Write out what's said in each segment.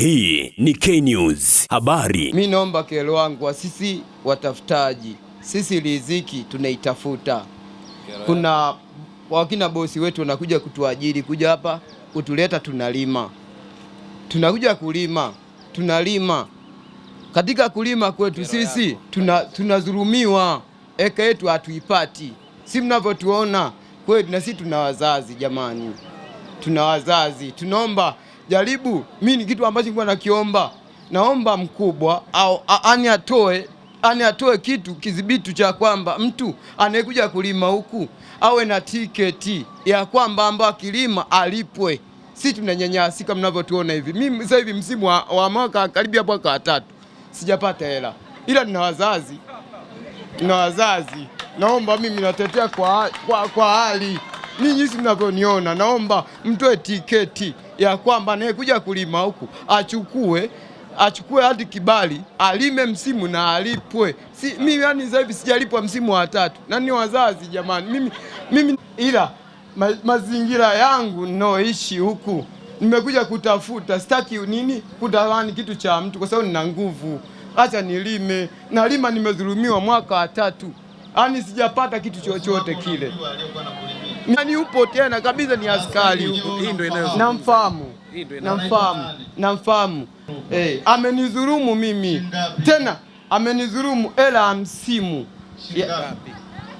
Hii ni K-News habari. Mi naomba kero wangu wa sisi watafutaji, sisi riziki tunaitafuta. Kuna wakina bosi wetu wanakuja kutuajiri kuja hapa kutuleta, tunalima, tunakuja kulima, tunalima. Katika kulima kwetu sisi tunadhulumiwa, tuna eka yetu hatuipati, si mnavyotuona kweli, na sisi tuna wazazi jamani, tuna wazazi, tunaomba jaribu. Mimi ni kitu ambacho nilikuwa nakiomba, naomba mkubwa au ani atoe ani atoe kitu kidhibitu cha kwamba mtu anayekuja kulima huku awe na tiketi ya kwamba ambayo akilima alipwe. Sisi tunanyanyasika mnavyotuona hivi. Mimi sasa hivi msimu wa, wa mwaka karibia mwaka watatu sijapata hela, ila nina wazazi, nina wazazi. Naomba mimi natetea kwa, kwa, kwa hali mimi jinsi mnavyoniona, naomba mtoe tiketi ya kwamba anayekuja kulima huku achukue achukue hadi kibali alime msimu na alipwe. Si, mimi yani sasa hivi sijalipwa msimu wa tatu na ni wazazi jamani, mimi, mimi ila ma, mazingira yangu ninaoishi huku nimekuja kutafuta, sitaki nini kudalani kitu cha mtu, kwa sababu nina nguvu. Acha nilime, nalima, nimedhulumiwa mwaka wa tatu, yaani sijapata kitu chochote kile nani upo tena kabisa, ni askari namfahamu, namfahamu, namfahamu. Eh, hey, amenidhulumu mimi tena, amenidhulumu ela ya msimu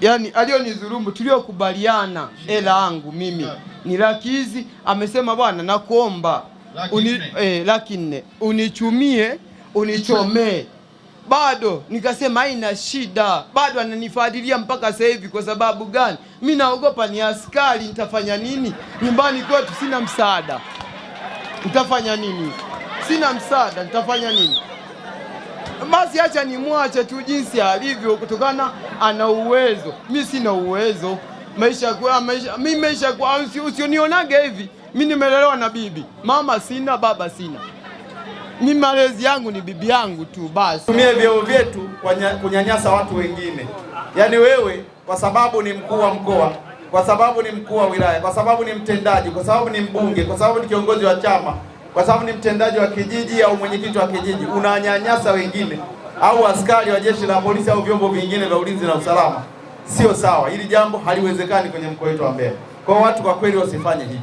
ya, aliyonidhulumu tuliokubaliana ela yangu mimi ni laki hizi, amesema bwana, nakuomba uni, eh, unichumie unichomee bado nikasema haina shida, bado ananifadhilia mpaka sasa hivi. Kwa sababu gani? Mimi naogopa ni askari, nitafanya nini? Nyumbani kwetu sina msaada, nitafanya nini? Sina msaada, nitafanya nini? Basi acha nimwache tu jinsi alivyo, kutokana ana uwezo, mi sina uwezo. Maisha kwa ah, maisha, mi maisha kwa ah, usionionage hivi. Mi nimelelewa na bibi, mama sina, baba sina mi malezi yangu ni bibi yangu tu basi. Tumie vyeo vyetu kunyanyasa watu wengine, yaani wewe kwa sababu ni mkuu wa mkoa, kwa sababu ni mkuu wa wilaya, kwa sababu ni mtendaji, kwa sababu ni mbunge, kwa sababu ni kiongozi wa chama, kwa sababu ni mtendaji wa kijiji au mwenyekiti wa kijiji, unanyanyasa wengine au askari wa jeshi la polisi au vyombo vingine vya ulinzi na usalama, sio sawa. Hili jambo haliwezekani kwenye mkoa wetu wa Mbeya. Kwa watu kwa kweli wasifanye hivi,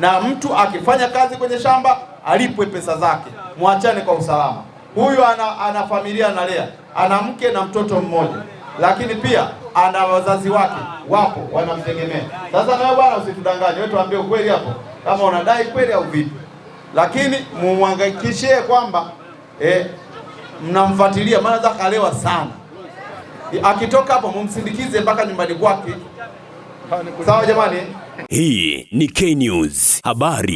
na mtu akifanya kazi kwenye shamba alipwe pesa zake, mwachane kwa usalama. Huyu ana, ana familia analea, ana mke na mtoto mmoja, lakini pia ana wazazi wake wapo wanamtegemea. Sasa nawe bwana, usitudanganye wewe, tuambie ukweli hapo, kama unadai kweli au vipi, lakini mumhangikishie kwamba eh, mnamfuatilia, maana za kalewa sana. Akitoka hapo mumsindikize mpaka nyumbani kwake. Sawa jamani, hii ni K News habari.